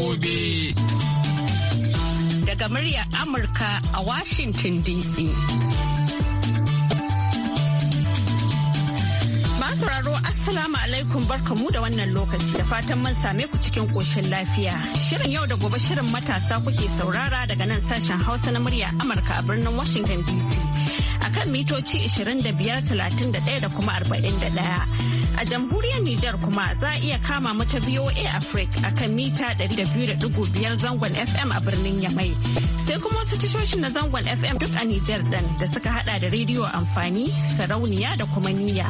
gobe. Daga muryar Amurka a Washington DC. sauraro Assalamu alaikum barkamu da wannan lokaci da fatan mun same ku cikin ƙoshin lafiya. Shirin yau da gobe shirin matasa kuke saurara daga nan sashen Hausa na murya Amurka a birnin Washington DC. akan mitoci 25, 31 da kuma 41. A jamhuriyar Nijar kuma za a iya kama mata VOA Africa a kan mita 200.5 zangon FM a birnin Yamai. Sai kuma wasu tashoshin na zangon FM duk a Nijar ɗin da suka hada da rediyo amfani, sarauniya da kuma niyya.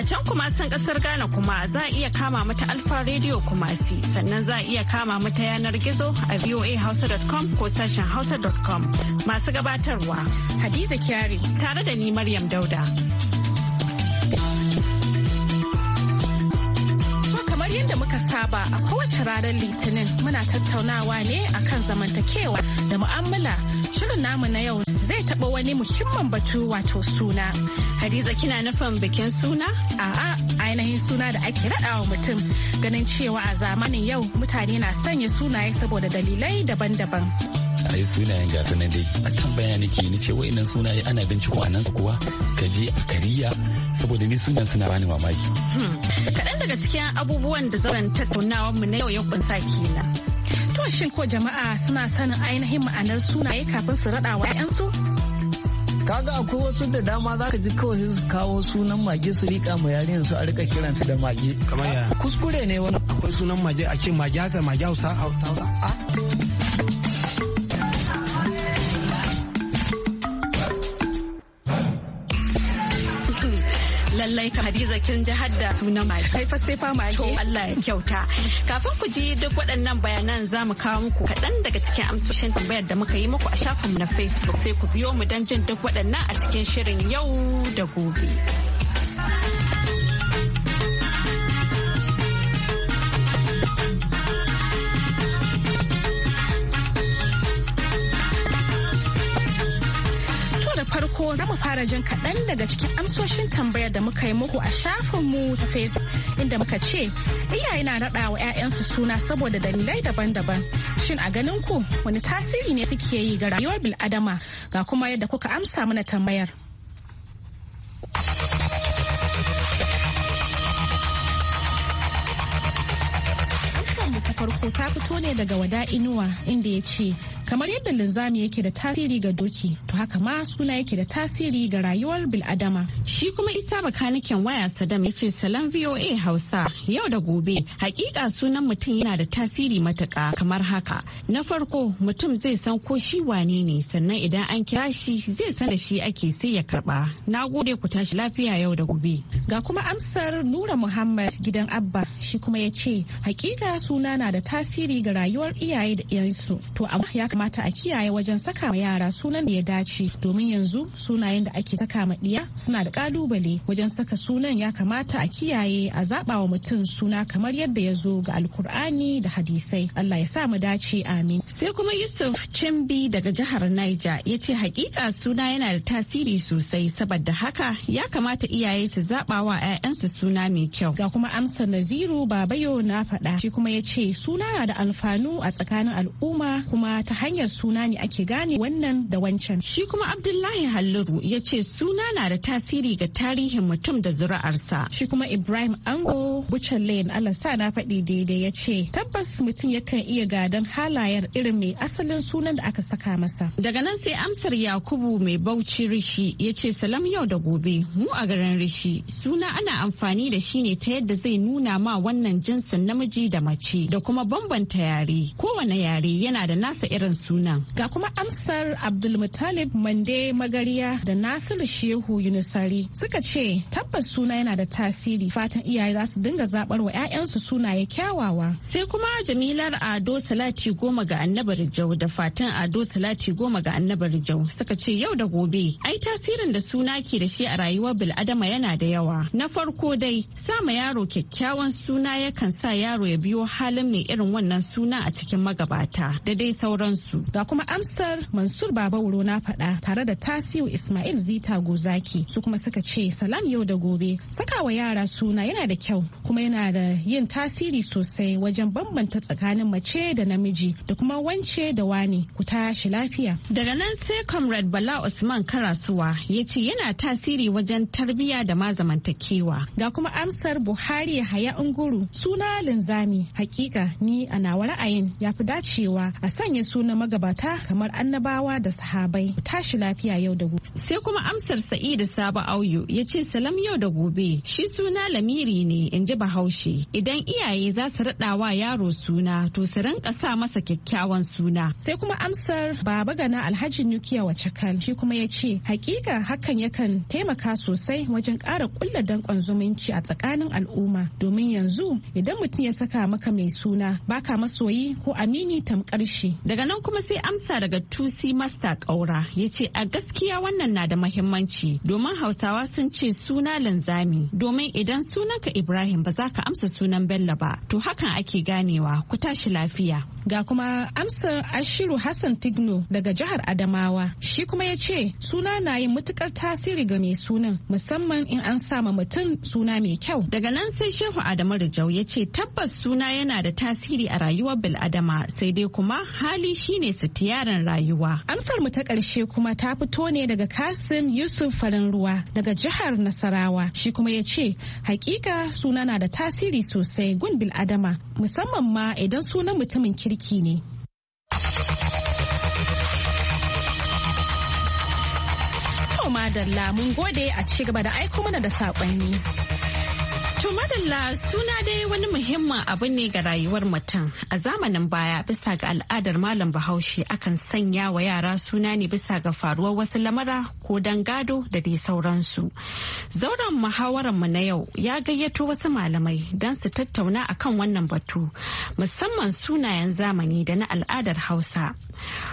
A can kuma san kasar Ghana kuma za a iya kama mata Alfa Radio Kumasi sannan za a iya kama mata yanar gizo a voahausa.com ko sashen hausa.com masu gabatarwa. Hadiza Kyari tare da ni Maryam Dauda. saba a kowace ranar litinin muna tattaunawa ne akan zamantakewa da mu'amala shirin namu na yau zai taɓa wani muhimman batu wato suna. Hadiza kina nufin bikin suna? A'a ainihin suna da ake raɗawa mutum ganin cewa a zamanin yau mutane na sanya sunaye saboda dalilai daban-daban. bayanai sunayen gasa nan dai a kan bayani ke ni ce wayannan sunaye ana binciko a nan kuwa ka je a kariya saboda ni sunan suna bani mamaki. Hmm. Kaɗan daga cikin abubuwan da zauren tattaunawa mu na yau ya kunta kenan. To shin ko jama'a suna sanin ainihin ma'anar sunaye kafin su raɗa wa su. kaga akwai wasu da dama za ka ji kawai su kawo sunan mage su rika ma yarinyar su a rika kiranta da mage kamar ya kuskure ne wani akwai sunan mage ake mage haka mage hausa hausa Allah ya Hadiza kin ji hadda sunan mai. Kai fa sai fa mage. To Allah ya kyauta. Kafin ku ji duk waɗannan bayanan za mu kawo muku kaɗan daga cikin amsoshin tambayar da muka yi muku a shafinmu na Facebook sai ku biyo mu don jin duk waɗannan a cikin shirin yau da gobe. fara jin kaɗan daga cikin amsoshin tambayar da muka yi muku a shafinmu ta facebook inda muka ce iyaye na raɗa wa 'ya'yansu suna saboda dalilai daban-daban shin a ganin ku wani tasiri ne suke yi ga rayuwar bil'adama ga kuma yadda kuka amsa mana tambayar ta farko ta fito ne daga wada inuwa inda ya ce kamar yadda linzami yake da tasiri ga doki to haka ma suna yake da tasiri ga rayuwar biladama shi kuma isa bakaniken waya sadam ya ce salam voa hausa yau da gobe hakika sunan mutum yana da tasiri matuka kamar haka na farko mutum zai san ko shi wane ne sannan idan an kira shi zai san da shi ake sai ya karba na gode ku tashi lafiya yau da gobe ga kuma amsar nura muhammad gidan abba shi kuma ya ce hakika suna na da tasiri ga rayuwar iyaye da iyansu to amma ya kamata a kiyaye wajen saka wa yara sunan da ya dace domin yanzu sunayen da ake saka ma ɗiya suna da ƙalubale wajen saka sunan ya kamata a kiyaye a zaɓa wa mutum suna kamar yadda ya zo ga alkur'ani da hadisai Allah ya sa mu dace amin sai kuma Yusuf Chimbi daga jihar Niger ya ce hakika suna yana da tasiri sosai saboda haka ya kamata iyaye su zaɓa wa 'ya'yansu suna mai kyau ga kuma amsa Naziru Babayo na faɗa shi kuma ya ce suna da alfanu a tsakanin al'umma kuma ta hanyar suna ne ake gane wannan da wancan shi kuma abdullahi halliru ya ce suna na da tasiri ga tarihin mutum da zuri'arsa shi kuma ibrahim ango bucan layin allah sa na faɗi daidai ya ce tabbas mutum yakan iya gadon halayen irin mai asalin sunan da aka saka masa daga nan sai amsar yakubu mai bauchi rishi ya ce salam yau da gobe mu a garin rishi suna ana amfani da shi ne ta yadda zai nuna ma wannan jinsin namiji da mace da kuma bambanta yare kowane yare yana da nasa irin kiran suna. Ga kuma amsar Abdulmutalib Mande Magariya da Nasiru Shehu Yunusari suka ce tabbas suna yana da tasiri fatan iyaye za su dinga zabar wa 'ya'yansu sunaye kyawawa. Sai kuma Jamilar Ado Salati goma ga Annabar Jau da fatan Ado Salati goma ga Annabar Jau suka ce yau da gobe ai tasirin da suna ke da shi a rayuwar bil'adama yana da yawa. Na farko dai sama yaro kyakkyawan suna yakan sa yaro ya biyo halin mai irin wannan suna a cikin magabata da dai sauransu. su ga kuma amsar mansur baba wuro na faɗa tare da tasiu ismail zita gozaki su kuma suka ce salam yau da gobe sakawa yara suna yana da kyau kuma yana da yin tasiri sosai wajen bambanta tsakanin mace da namiji da kuma wance da wani ku tashi lafiya daga nan sai comrade bala usman karasuwa ya ce yana tasiri wajen tarbiyya da mazamantakewa. ga kuma amsar buhari haya unguru suna linzami hakika ni a nawa ra'ayin ya fi dacewa a sanya suna nuna magabata kamar annabawa da sahabai tashi lafiya yau da gobe. Sai kuma amsar Sa'idu Sabo Auyo ya ce salam yau da gobe shi suna lamiri ne in ji Bahaushe idan iyaye za su raɗawa yaro suna to su rinka sa masa kyakkyawan suna. Sai kuma amsar Baba Gana Alhaji Nukiya cakal. shi kuma ya ce hakika hakan yakan taimaka sosai wajen ƙara ƙulla danƙon zumunci a tsakanin al'umma domin yanzu idan mutum ya saka maka mai suna baka masoyi ko amini tamkar shi. Daga nan kuma sai amsa daga tusi master kaura ya ce a gaskiya wannan na da mahimmanci domin hausawa sun ce suna linzami domin idan sunanka ibrahim ba za ka amsa sunan bello ba to hakan ake ganewa ku tashi lafiya ga kuma amsar ashiru hassan tigno daga jihar adamawa shi kuma ya ce suna na yin matukar tasiri ga mai sunan musamman in an sama mutum suna mai kyau daga nan sai shehu adamu rijau ya ce tabbas suna yana da tasiri a rayuwar bil'adama sai dai kuma hali shi shine sitiyarin rayuwa. Amsar mu ta ƙarshe kuma ta fito ne daga Kasim Yusuf Farin Ruwa daga jihar Nasarawa. Shi kuma ya ce, hakika suna na da tasiri sosai gun bil'adama musamman ma idan sunan mutumin kirki ne. Madalla mun gode a ci gaba da aiko mana da saƙonni. To madalla suna dai wani muhimmin abu ne ga rayuwar mutum. A zamanin baya bisa ga al'adar malam bahaushe akan sanya wa yara suna ne bisa ga faruwar wasu lamara ko dan gado da dai sauransu. Zauren muhawarar mu na yau ya gayyato wasu malamai don su tattauna a kan wannan batu musamman sunayen zamani da na al'adar Hausa.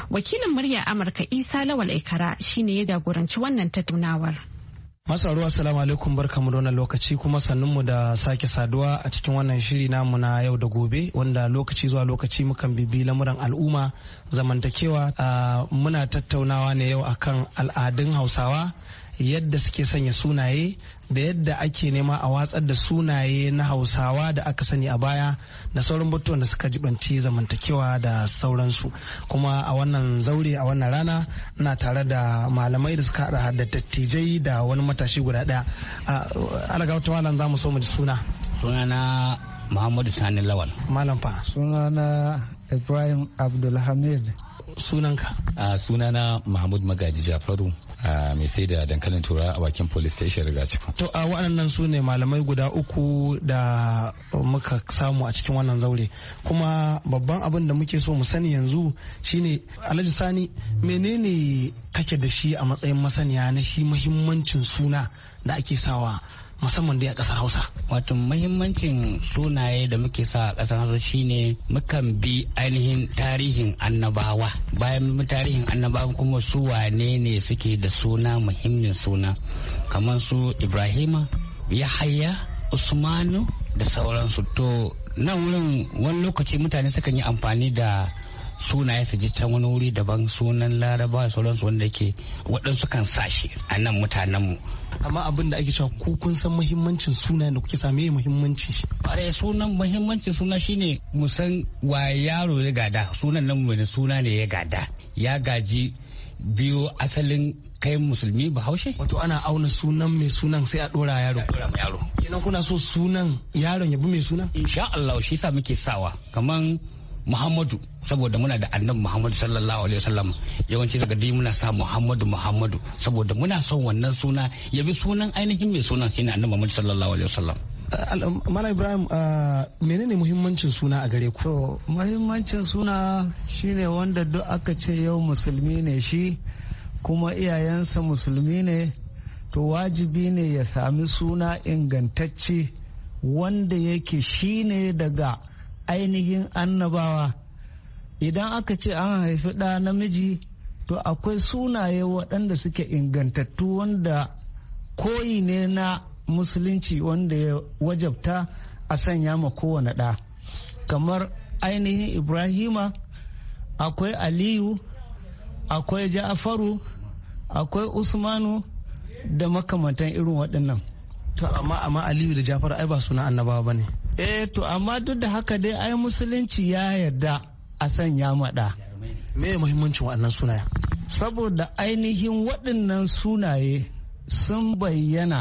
Wakilin murya Amurka Isa Lawal Ikara shine ya jagoranci wannan tattaunawar. ruwa salamu alaikum barkamu da wannan lokaci kuma sannunmu da sake saduwa a cikin wannan shiri namu na yau da gobe wanda lokaci zuwa lokaci mukan bibi lamuran al'umma zamantakewa muna tattaunawa ne yau akan al'adun Hausawa yadda suke sanya sunaye da yadda ake nema a watsar da sunaye na hausawa da aka sani a baya da sauran batuwan da suka jibanci zamantakewa da sauransu kuma a wannan zaure a wannan rana na tare da malamai da suka hada da dattijai da wani matashi guda daya alaga wata malam za mu so mu ji suna sunana muhammadu sani lawal malam fa sunana ibrahim abdulhamid sunanka sunana mahmud magaji jafaru mai sai da dankalin tura a bakin police station riga cikin. To a waɗannan su ne malamai guda uku da muka samu a cikin wannan zaure kuma babban abin da muke so mu sani yanzu shine Alhaji Sani menene kake da shi a matsayin masaniya na shi muhimmancin suna da ake sawa musamman dai a kasar hausa wato mahimmancin sunaye da muke sa a kasar hausa shine mukan bi ainihin tarihin annabawa bayan tarihin annabawa kuma su wane ne suke da suna muhimmin suna kamar su ibrahima yahaya usmanu da sauransu to nan wurin wani lokaci mutane sukan yi amfani da sunaye su ji can wani wuri daban sunan laraba sauransu wanda ke waɗansu kan sashi a nan mutanenmu amma abin da ake cewa ku kun san muhimmancin suna da kuke same muhimmanci shi sunan muhimmancin suna shine mu san wa yaro ya gada sunan nan mai suna ne ya gada ya gaji biyo asalin kai musulmi bahaushe wato ana auna sunan mai sunan sai a dora yaro yaro kenan kuna so sunan yaron ya bi mai sunan insha Allah shi sa muke sawa kaman muhammadu saboda muna da annabi muhammadu sallallahu alaihi wasallam yawanci daga dai muna sa muhammadu muhammadu saboda muna son wannan suna ya bi sunan ainihin mai sunan shine annabi muhammadu sallallahu alaihi wasallam Mala Ibrahim uh, menene muhimmancin suna a gare ku? To muhimmancin suna shine wanda duk aka ce yau musulmi ne shi kuma iyayensa musulmi ne to wajibi ne ya sami suna ingantacce wanda yake shine daga ainihin annabawa idan aka ce an haifi ɗa namiji to akwai sunaye waɗanda suke ingantattu wanda koyi ne na musulunci wanda ya wajabta a sanya ma kowane ɗa kamar ainihin ibrahima akwai aliyu akwai ja'afaru akwai usmanu da makamantan irin waɗannan to amma amma aliyu da Jafaru ai ba suna annabawa ba ne eh to amma duk da haka dai ai musulunci ya yarda a sanya maɗa me muhimmancin waɗannan sunaye saboda ainihin waɗannan sunaye sun bayyana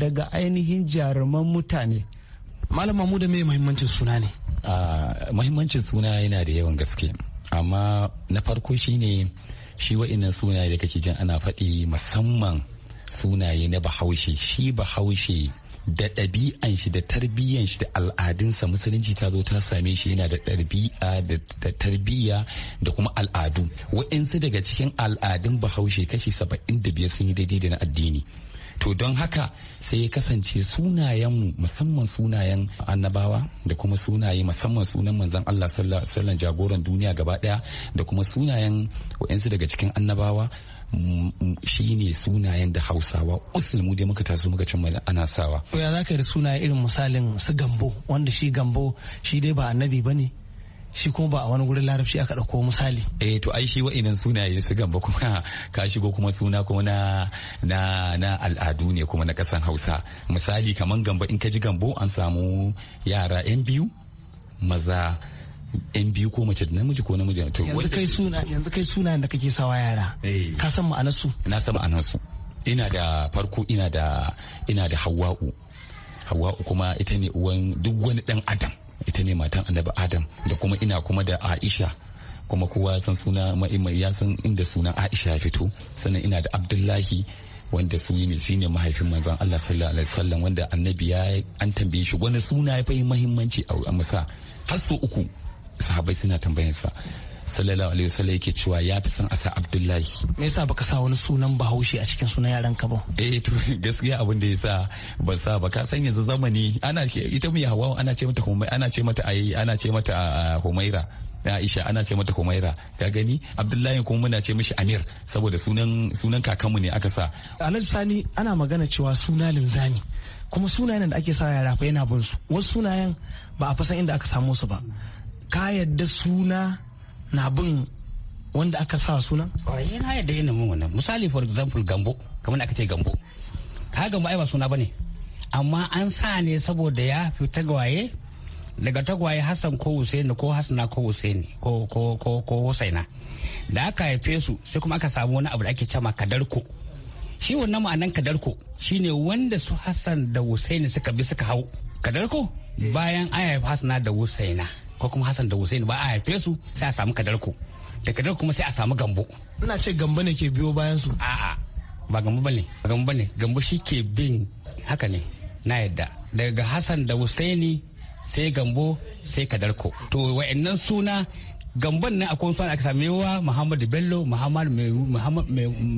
daga ainihin jaruman mutane malam da me muhimmancin suna ne ah, muhimmancin suna yana da yawan gaske amma na farko shi ne shi waɗannan sunaye da kake jin ana faɗi musamman sunaye na bahaushe shi bahaushe da ɗabi'an shi da tarbiyyan shi da al'adunsa musulunci ta zo ta same shi yana da ɗabi'a da tarbiyya da kuma al'adu wa'insu daga cikin al'adun bahaushe kashi saba'in da biyar sun yi daidai da na addini to don haka sai ya kasance sunayenmu musamman sunayen annabawa da kuma sunaye musamman sunan manzan Allah sallallahu jagoran duniya gaba daya da kuma sunayen wa'insu daga cikin annabawa shine sunayen da hausawa usulmu dai muka taso muka cimma ana sawa ya zaka ka da sunaye irin misalin su gambo wanda shi gambo shi dai ba annabi ba ne shi kuma ba a wani wurin larabci aka ɗauko misali. Eh to ai shi wa'inan sunaye su Gambo kuma ka shigo kuma suna kuma na na na al'adu ne kuma na kasan Hausa. Misali kaman Gambo in ka ji gambo an samu yara 'yan biyu maza yan biyu ko mace da namiji ko namiji to yanzu kai suna yanzu kai suna da kake sawa yara eh. ka san ma'anar su na san ma'anar su ina da farko ina da ina da hawa'u hawa'u kuma ita ne uwan duk wani dan adam ita ne matan annabi adam da kuma ina kuma da aisha kuma kowa san suna ya san inda suna aisha ya fito sannan ina da abdullahi wanda su ne shi ne mahaifin manzon Allah sallallahu alaihi wasallam wanda annabi ya an tambaye shi wani suna ya fahimmanci muhimmanci a musa har su uku sahabai suna sa sallallahu alaihi wasallam yake cewa ya fi son asa abdullahi me yasa baka sa wani sunan bahaushe a cikin sunan yaran ka ba eh to gaskiya abin da yasa ba sa ba ka san yanzu zamani ana ita mu hawa ana ce mata humai ana ce mata ayi ana ce mata ah, humaira Aisha ana ce mata Humaira ka gani Abdullahi kuma muna ce mishi Amir saboda sunan sunan kakanmu ne aka sa Alhaji Sani ana magana cewa suna linzami kuma sunayen da ake sa yara fa yana bin su wasu sunayen ba a fasan inda aka samu su ba ka yadda suna na bin wanda aka sa suna? yana yadda yana mun wannan misali for example gambo kamar aka ce gambo ka gambo ai ba suna bane amma an sa ne saboda ya fi tagwaye daga tagwaye hassan ko husaini ko hassana ko husaini ko ko da aka haife su sai kuma aka samu wani abu da ake cema kadarko shi wannan ma'anan kadarko shine wanda su hassan da husaini suka bi suka hau kadarko eh. bayan an haifi hassana da husaina ko kuma Hassan da Hussein ba a haife su sai a samu kadarko da kadarko kuma sai a samu gambo ina ce gambo ne ke biyo bayan su a'a ba gambo bane gambo bane gambo shi ke bin haka ne na yadda daga Hassan da Husaini sai gambo sai kadarko to wa'annan suna gamban nan akwai sunan aka same wa muhammadu bello muhammadu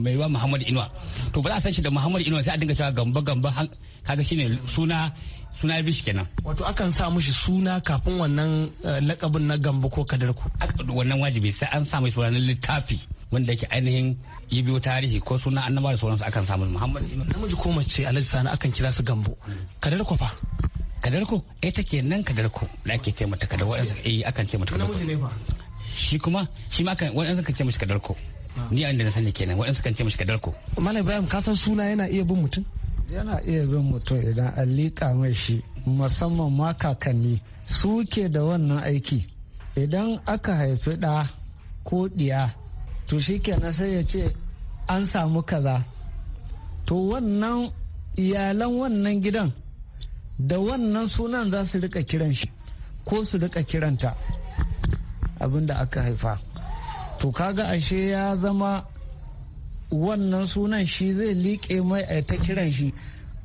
mai wa muhammadu inuwa to ba za a san shi da muhammadu inuwa sai a dinga cewa gamba gamba kaga shine suna suna bishi kenan wato akan sa mushi suna kafin wannan eh, lakabin na gamba ko kadarku wannan wajibi sai an sa mai suna na littafi wanda yake ainihin yi biyo tarihi ko suna annabawa da sauransu akan samu muhammadu namiji ko mace alhaji sani akan kira su gambo hmm. kadar fa. kadarko ita eh, ke nan kadarko da ake ce mata kadar wa'azin eh akan ce mata kadarko shi kuma shi ma kan wa'ansu kan ce mishi kadarko ah. ni an da na sani kenan wa'ansu kan ce mishi kadarko malam ibrahim ka san suna yana iya bin mutum yana iya bin mutum idan an liƙa mai shi musamman ma kakanni su ke da wannan aiki idan aka haifi ɗa ko ɗiya to shi kenan sai ya ce an samu kaza to wannan iyalan wannan gidan da wannan sunan za su rika kiran shi ko su rika kiranta abinda aka haifa to kaga ashe ya zama wannan sunan shi zai liƙe mai a ta kiran shi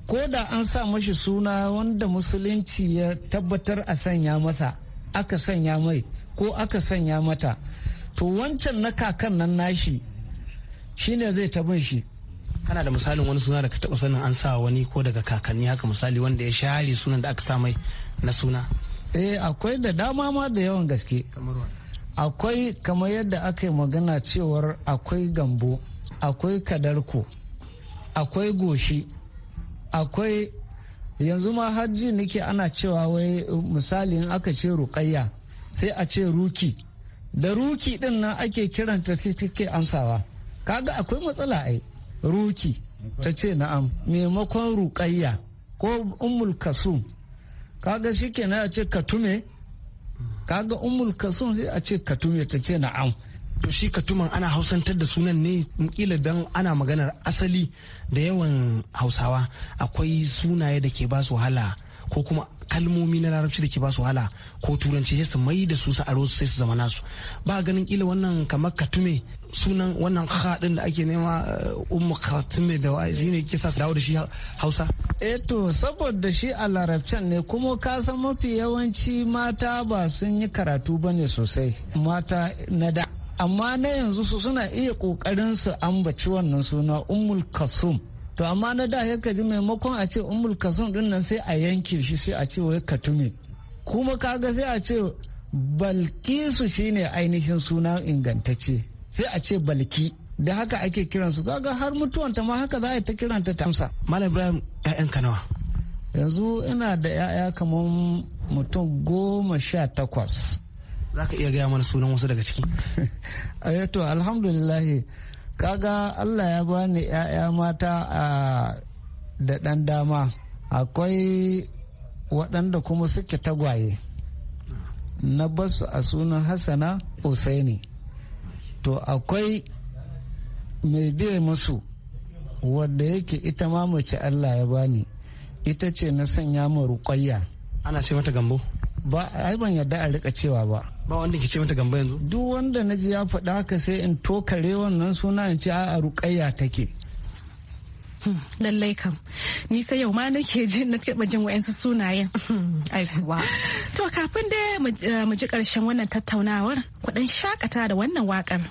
ko da an sa mashi suna wanda musulunci ya tabbatar a sanya masa aka sanya mai ko aka sanya mata to wancan na kakan nan nashi shine zai tabin shi kana da misalin wani suna da ka taba sanin an sa wani ko daga kakanni haka misali wanda ya share sunan da aka sa mai na suna eh akwai da dama ma da yawan gaske akwai kamar yadda aka yi magana cewar akwai gambo akwai kadarko akwai goshi akwai yanzu ma hajji nake ana cewa wai misali in aka ce Rukayya sai a ce ruki da ruki din nan ake kiranta sai take amsawa kaga akwai matsala ai ruki ta ce na'am maimakon ruƙayya ko umul kasum kaga shi kenan ce katume kaga umul kasum sai a ce katume ta ce na'am to shi katuman ana hausantar da sunan ne kila don ana maganar asali da yawan hausawa akwai sunaye da ke ba su wahala ko kuma kalmomi na larabci da ke basu wahala ko turanci sai su mai da su su aro sai su zama nasu ba ganin kila wannan kamar katume sunan wannan haɗin da ake nema eh, ummu katume da wa ne kisa dawo da shi hausa eh to saboda shi a larabcin ne kuma ka san mafi yawanci mata ba sun yi karatu ba ne sosai mata na da amma na yanzu su suna iya kokarin su ambaci wannan suna ummul kasum to amma na da ya kaji maimakon a ce umul kasum din nan sai a yanke shi sai a ce wai katume kuma kaga sai a ce balkisu shine ainihin suna ingantacce sai a ce balki da haka ake kiransu kaga har mutuwanta ma haka za a ta kiranta tamsa malam ibrahim ƴaƴanka nawa yanzu ina da 'ya'ya kamar mutum goma sha takwas za ka iya gaya mana sunan wasu daga ciki eh to alhamdulillahi kaga allah ya bani 'ya'ya mata a da ɗan dama akwai waɗanda kuma suke tagwaye na basu a sunan hassana usaini to akwai mai biye musu wadda yake ita ma Allah ya bani ita ce na sanya ma ana ce mata gambo ba yi ban yarda a rika cewa ba ba wanda ke ce mata gamba yanzu duk wanda na ji ya faɗa haka sai in tokare wannan suna in ce a ruƙayya take hmm, lallai kam ni sai yau ma nake jin na taba jin wa'ansu sunayen aikuwa to kafin da eh, mu ji karshen wannan tattaunawar kuɗin shakata da wannan wakar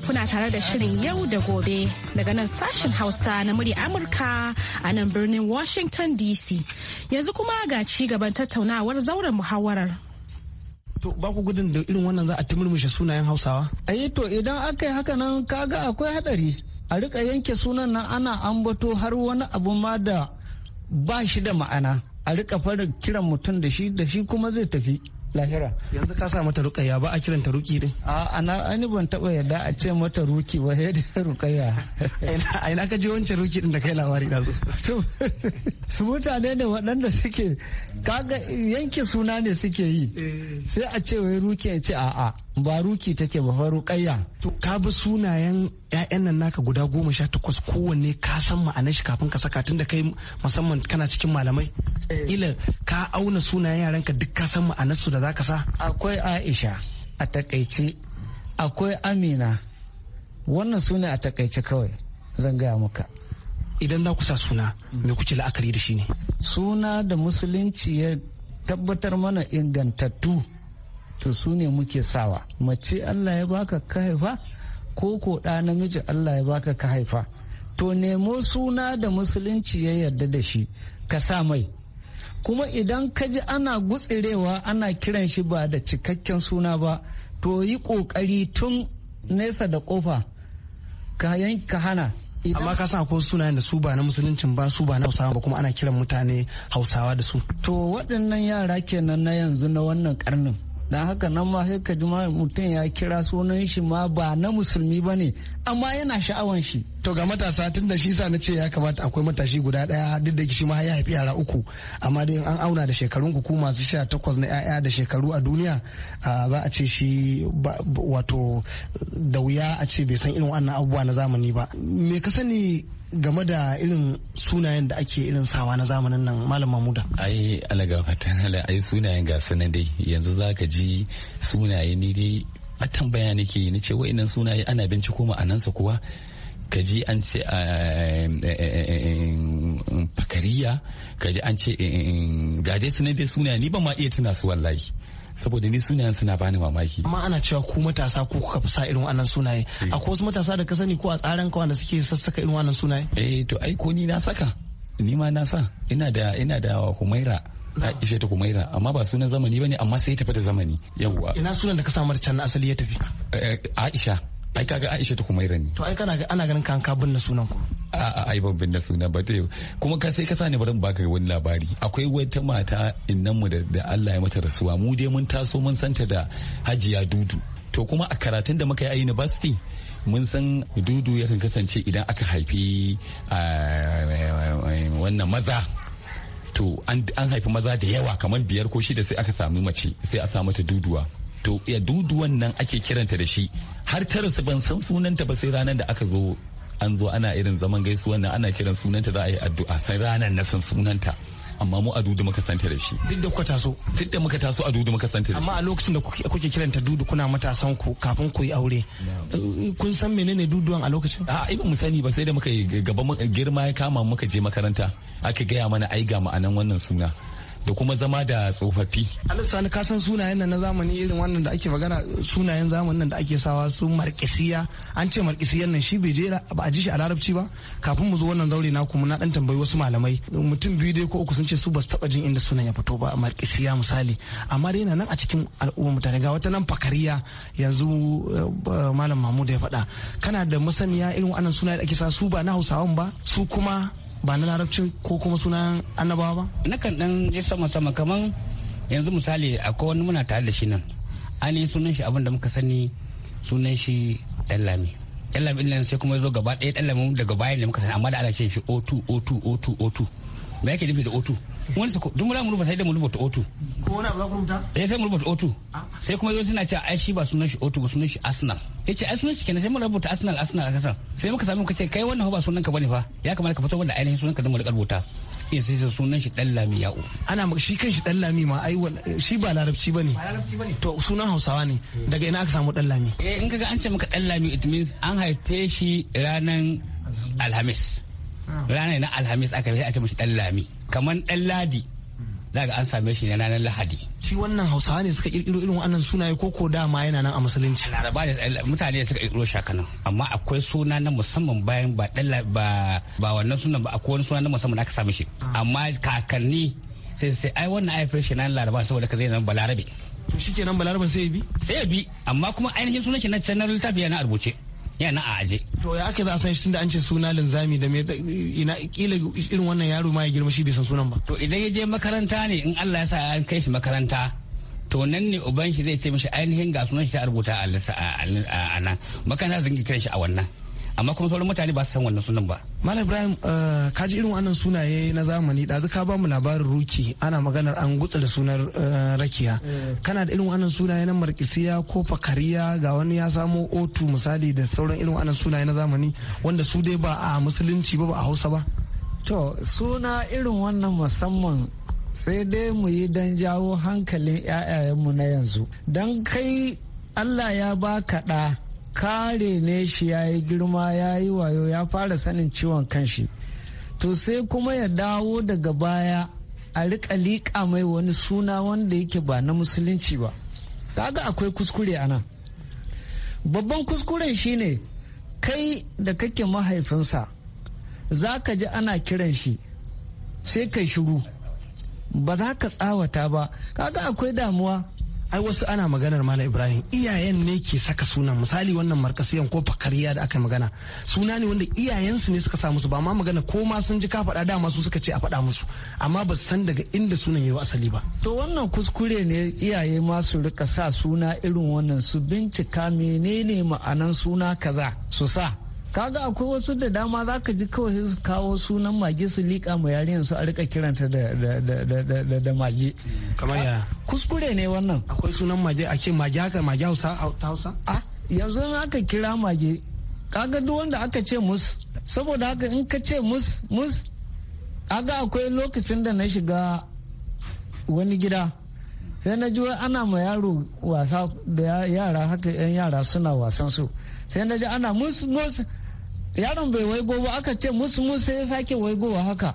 kuna tare da shirin yau da gobe daga nan sashen Hausa na murya Amurka a nan birnin Washington DC. Yanzu kuma ga ci gaban tattaunawar zauren muhawarar. To ba ku gudun da irin wannan za a timurmushe sunayen Hausawa? Ayi eh to idan aka yi haka nan kaga akwai hadari. A rika yanke sunan nan ana ambato har wani abu ma da ba shi da ma'ana. A rika fara kiran mutum da shi da shi kuma zai tafi. lahira yanzu ka sa mata rukayya ba a kiran ta ruki din a ana ani ban taba yadda a ce mata ruki ba sai da rukayya a ina ka je wancan ruki din da kai labari da su to su mutane ne waɗanda suke kaga yanke suna ne suke yi eh. sai a ce wai ruki ya ce a'a baruki take ba kayya to ka bi sunayen ƴaƴan nan naka guda goma sha takwas kowanne ka san ma'anar shi kafin ka saka tunda kai musamman kana cikin malamai eh. ila ka auna sunayen yaran ka duk ka san ma'anar su da zaka sa akwai aisha a takaice akwai amina wannan suna a takaice kawai zan gaya maka idan za ku sa suna me kuke la'akari da shi ne suna da musulunci ya tabbatar mana ingantattu to su ne muke sawa mace allah ya baka ka haifa ko ko ɗa namiji allah ya baka ka haifa to nemo suna da musulunci ya yarda da shi ka sa mai kuma idan ka ji ana gutsirewa ana kiran shi ba da cikakken suna ba to yi ƙoƙari tun nesa da ƙofa ka yanka hana amma ka sa ko sunayen da su ba na musuluncin ba su ba na hausawa ba kuma ana kiran mutane hausawa da su to waɗannan yara kenan na yanzu na wannan karnin don haka nan ma sai ka ma mutum ya kira sunan shi ma ba na musulmi ba ne amma yana sha'awan shi to ga matasa tun da shi sa na ce ya kamata akwai matashi guda daya duk da shi ma ya haifi yara uku amma dai an auna da shekarun ku masu sha takwas na yaya da shekaru a duniya za a ce shi wato da wuya a ce bai san irin wannan abubuwa na zamani ba me ka sani game da irin sunayen da ake irin sawa na zamanin nan malam mamuda ai fatan ala ai sunayen ga sanan dai yanzu zaka ji sunaye ni dai a tambaya nake ni ce wa'annan sunaye ana binciko sa kuwa kaji an ce eh, eh, eh, fakariya kaji an ce gaje sunan dai sunaye ni ban ma iya tuna su wallahi saboda ni sunayen suna bani mamaki amma ana cewa ku matasa ko kuka sa irin wannan sunaye eh. akwai wasu matasa da ka sani ko a tsarin ka wanda suke sassaka irin wannan sunaye eh to ai ko ni na saka ni ma na sa ina da ina da kumaira Aisha ta kumaira amma ba sunan zamani bane amma sai ta fita zamani yawwa ina sunan da ka samar can na asali ya tafi eh, Aisha ai kaga Aisha ta kuma irani to ai kana ana ganin kan ka binne sunan ku a a ai ban binne suna ba to kuma ka sai ka sani bari baka wani labari akwai wata mata innan mu da Allah ya mata rasuwa mu dai mun taso mun santa da Hajiya Dudu to kuma a karatun da muka yi a university mun san dudu yakan kasance idan aka haifi wannan maza to an haifi maza da yawa kamar biyar ko shida sai aka sami mace sai a sa mata duduwa to ya dudu wannan ake kiranta da shi har ta rasu ban san sunanta ba sai ranar da aka zo an zo ana irin zaman gaisuwa nan ana kiran sunanta za a yi addu'a sai ranar na san sunanta amma mu a dudu muka santa da shi duk da kuka taso duk da muka taso a dudu muka santa da shi amma a lokacin da kuke kiranta dudu kuna matasan ku kafin ku yi aure kun san menene duduwan a lokacin a ai mu sani ba sai da muka gaba girma ya kama muka je makaranta aka gaya mana ai ga ma'anan wannan suna da kuma zama da tsofaffi. ni ka san sunayen nan na zamani irin wannan da ake magana sunayen zamanin nan da ake sawa su markisiya an ce markisiyan nan shi bai je ba a ji shi a larabci ba kafin mu zo wannan zaure na kuma na dan tambayi wasu malamai mutum biyu dai ko uku sun ce su ba su taba jin inda sunan ya fito ba markisiya misali amma dai yana nan a cikin al'umma mutane ga wata nan fakariya yanzu eh, malam Mahmud ya faɗa kana da masaniya irin wannan sunaye da ake sa su ba na Hausawan ba su kuma ba na larabcin ko kuma sunan annabawa ba nakan dan je sama sama kaman yanzu misali akwai wani muna tare da shi nan an yi sunan shi abin da muka sani sunan shi dallami dallami din sai kuma zo gaba ɗaya dallami daga bayan da muka sani amma da ana shi o2 o2 o2 o2 me yake nufi da o2 wani su duk mura rubuta sai da mu rubuta o2 ko wani abu za ku rubuta eh sai mu rubuta o2 ah. sai kuma zo suna cewa ai shi ba sunan shi o2 ba sunan shi arsenal ya ce ai sunan shi kenan sai mun rubuta arsenal arsenal a kasar sai muka sami muka ce kai wannan ba sunan ka bane fa ya kamata ka fito wanda ainihin sunan ka zama da karbuta ya sai sunan shi dan lami ya'u ana shi kan shi dan lami ma ai shi ba larabci bane to sunan hausawa ne daga ina aka samu dan lami eh in kaga an ce maka dan lami it means an haife shi ranan alhamis ah. ranar na alhamis aka yi a ce mushi dan lami kaman dan ladi za ga an same shi ne nan lahadi shi wannan hausawa ne suka kirkiro irin wannan sunaye ko ko dama yana nan a musulunci laraba ne eh, mutane suka kirkiro shi haka nan amma akwai suna na musamman bayan ba ba ba wannan sunan ba akwai wani suna na musamman aka same shi ah. amma kakanni sai sai ai wannan ai shi nan laraba saboda ka zai nan balarabe to shikenan balarabe sai ya bi sai ya bi amma kuma ainihin sunan shi na channel littafi na rubuce yana a aje to ya aka za a san shi tunda an ce suna linzami da mai ina kila irin wannan yaro ma ya girma shi bai san sunan ba to idan ya je makaranta ne in Allah ya sa an kai shi makaranta to nan ne uban shi zai ce mishi ainihin ga sunan shi ta rubuta a nan makaranta zan kira shi a wannan amma kuma sauran mutane ba su san wannan sunan ba malam ibrahim uh, ka ji irin wannan sunaye na zamani da ka ba mu labarin ruki ana maganar an gutsa da sunar uh, rakiya mm. kana da irin wannan sunaye na markisiya ko fakariya ga wani ya samo otu misali da sauran irin wannan sunaye na zamani wanda su dai ba a musulunci ba ba a hausa ba to suna irin wannan musamman sai dai mu yi don jawo hankalin 'ya'yayenmu na yanzu don kai allah ya baka ɗa kare ne shi ya yi girma ya yi wayo ya fara sanin ciwon kanshi to sai kuma ya dawo daga baya a rika liƙa mai wani suna wanda yake ba na musulunci ba kaga akwai kuskure a nan babban kuskuren shine kai da kake mahaifinsa za ka ji ana kiran shi sai kai shiru ba za ka tsawata ba kaga akwai damuwa ai wasu ana maganar malam ibrahim iyayen ne ke saka sunan misali wannan markasiyan ko fakariya da aka magana suna ne wanda iyayensu ne suka sa musu ba ma magana ko ma sun ji ka faɗa dama su suka ce a faɗa musu amma ba san daga inda sunan yayi asali ba to wannan kuskure ne iyaye ma su rika sa suna irin wannan su bincika menene ma'anan suna kaza su sa kaga akwai wasu da dama za ka ji kawai su kawo sunan mage su liƙa ma yarinyar su a rika kiranta da da mage kamar ya kuskure ne wannan akwai sunan mage a ce mage haka mage hausa ta hausa a yanzu aka kira mage kaga duk wanda aka ce mus saboda haka in ka ce mus mus kaga akwai lokacin da na shiga wani gida sai na ji ana ma yaro wasa da yara haka yan yara suna wasan su sai na ji ana mus mus yaron bai waigo ba aka ce musmus sai ya sake waigowa haka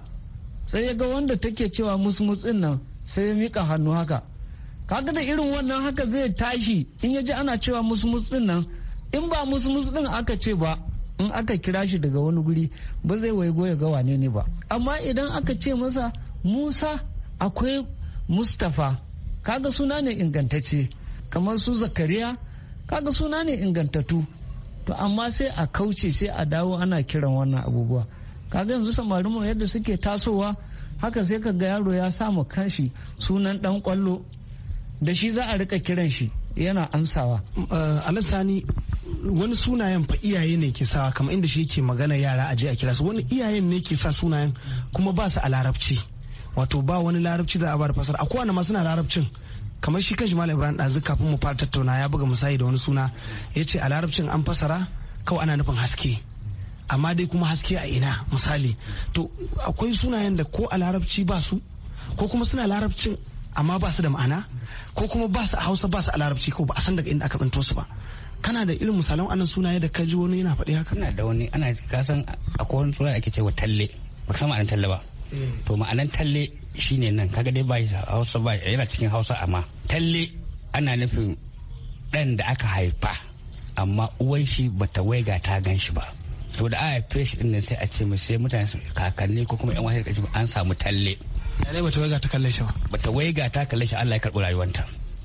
sai ya ga wanda take cewa musmus din nan sai ya mika hannu haka kaga da irin wannan haka zai tashi in ya ji ana cewa musmus din nan in ba musmus din aka ce ba in aka kira shi daga wani guri ba zai waigo ya ga wane ne ba amma idan aka ce masa musa akwai mustafa kaga suna ne ingantacce kamar su zakariya kaga suna ne ingantattu to amma sai a kauce sai a dawo ana kiran wannan abubuwa kaga yanzu samari mu yadda suke tasowa haka sai ka ga yaro ya samu kanshi sunan dan kwallo da shi za a rika kiran shi yana ansawa eh, alasani wani sunayen fa iyaye ne ke sawa kamar inda shi ke magana yara a je a kira su wani iyayen ne ke sa sunayen kuma ba su a larabci wato ba wani larabci da a bar fasara akwai kowane ma suna larabcin kamar shi kanshi malam ibrahim ɗazu kafin mu fara tattauna ya buga misali da wani suna ya ce a larabcin an fasara kawai ana nufin haske amma dai kuma haske a ina misali to akwai sunayen da ko a larabci ba su ko kuma suna larabcin amma ba su da ma'ana ko kuma ba su a hausa ba su a larabci ko ba a san daga inda aka tsinto su ba kana da irin misalan anan sunaye da kaji wani yana faɗi haka ina da wani ana kasan akwai wani sunaye ake cewa talle ba san ma'anar talle ba eh. to ma'anar talle shine nan kaga dai ba hausa ba yana cikin hausa amma talle ana nufin dan da aka haifa amma uwan shi bata waiga ta gan shi ba to da aka fresh din din sai a ce mu sai mutane su kakanni ko kuma yan wani kace an samu talle lalle bata waiga ta kalle shi ba bata waiga ta kalle shi Allah ya karbi rayuwanta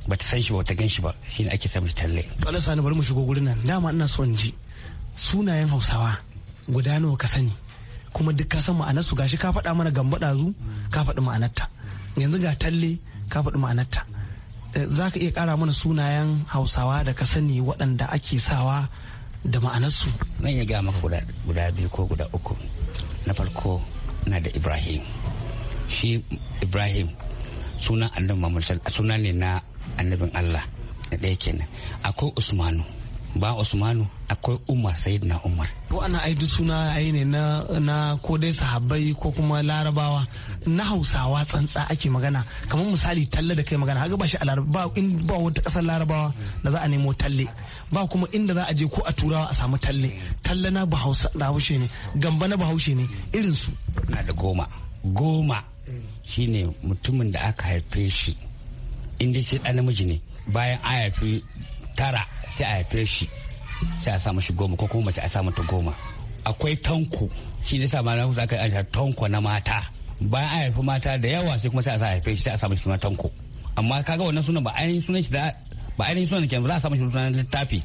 bata san shi ba bata gan shi ba shine ake samu talle Allah sani bari mu shigo gurin nan dama ina so in ji sunayen Hausawa guda nawa ka sani kuma duk ka san ma'anar su gashi ka faɗa mana gamba ɗazu ka faɗi ma'anarta yanzu ga talle ka faɗi ma'anarta eh, za ka iya ƙara mana sunayen hausawa da ka sani waɗanda ake sawa da ma'anar Zan iya gaya maka guda biyu ko guda uku. Na farko na da Ibrahim. Shi Ibrahim suna annabin suna ne na annabin Allah na ɗaya kenan. Akwai Usmanu. ba Usmanu akwai Umar Sayyidina Umar. ana ai suna ai ne na na ko dai sahabbai ko kuma larabawa na Hausawa tsantsa ake magana kamar misali talle da kai magana haka ba shi a ba in ba wata kasar larabawa da za a nemo talle ba kuma inda za a je ko a turawa a samu talle talle na da bahaushe ne gamba na bahaushe ne irin su. Na da goma goma shine mutumin da aka haife shi inda shi dan namiji ne bayan an haifi tara sai a haife shi sai a sa mashi goma ko kuma mace a sa mata goma akwai tanko shi ne sa na kusa kai a tanko na mata bayan an haifi mata da yawa sai kuma sai a sa haife shi sai a sa mashi tanko amma kaga wannan sunan ba ainihin sunan shi da ba ainihin sunan kenan ba za a sa mashi sunan littafi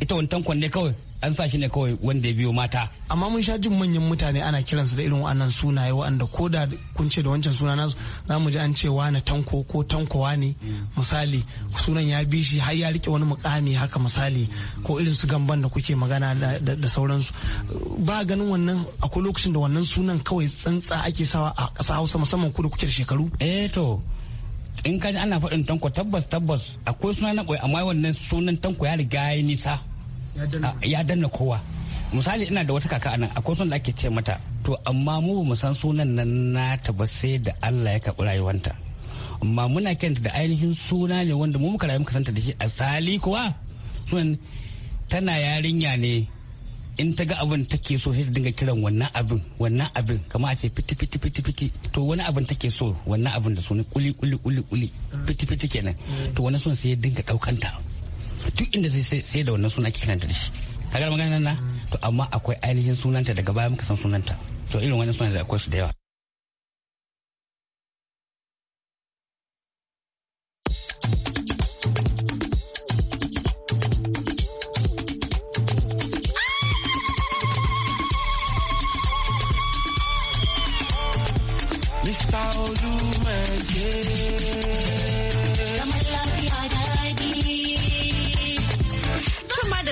ita wancan kwanne kawai an sa shi ne kawai wanda ya biyo mata amma mun sha jin manyan mutane ana kiransu da irin wa'annan sunaye wa'anda ko da kun ce da wancan suna nasu za mu ji an ce na tanko ko tankowa ne misali sunan ya bi shi har ya rike wani mukami haka misali ko irin su gamban da kuke magana da sauransu ba ganin wannan akwai lokacin da wannan sunan kawai tsantsa ake sawa a ƙasa hausa musamman ku da kuke da shekaru eh to in ka ji ana faɗin tanko tabbas tabbas akwai suna na ɓoye amma wannan sunan tanko ya riga ya nisa ya danna kowa misali ina da wata kaka anan akwai sunan da ake ce mata to amma mu mu san sunan nan nata ba sai da Allah ya karɓi rayuwanta amma muna kenta da ainihin suna ne wanda mu muka rayu muka santa da shi asali kuwa sunan tana yarinya ne in ta ga abin take so sai ta dinga kiran wannan abin wannan abin kamar a ce fiti fiti fiti fiti to wani abin take so wannan abin da suna kuli kuli kuli kuli fiti fiti kenan to wani sun sai ya dinga daukanta duk inda sai sai da wannan suna ake ta da shi kaga magana na to amma akwai ainihin sunanta daga baya muka san sunanta to irin wani sunan da akwai su da yawa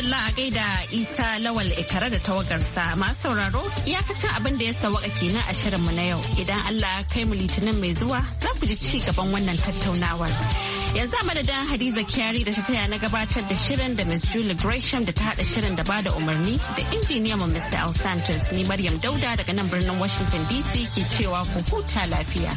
Allah a gaida isa lawal ikara da tawagarsa masu sauraro iyakacin abin da ya sawaka kenan a shirin mu na yau idan allah kai mu litinin mai zuwa za ku ji ci gaban wannan tattaunawar yanzu a madadin hadiza kyari da ta taya na gabatar da shirin da miss julie gresham da ta hada shirin da bada umarni da injiniyan mu mr al santos ni maryam dauda daga nan birnin washington dc ke cewa ku huta lafiya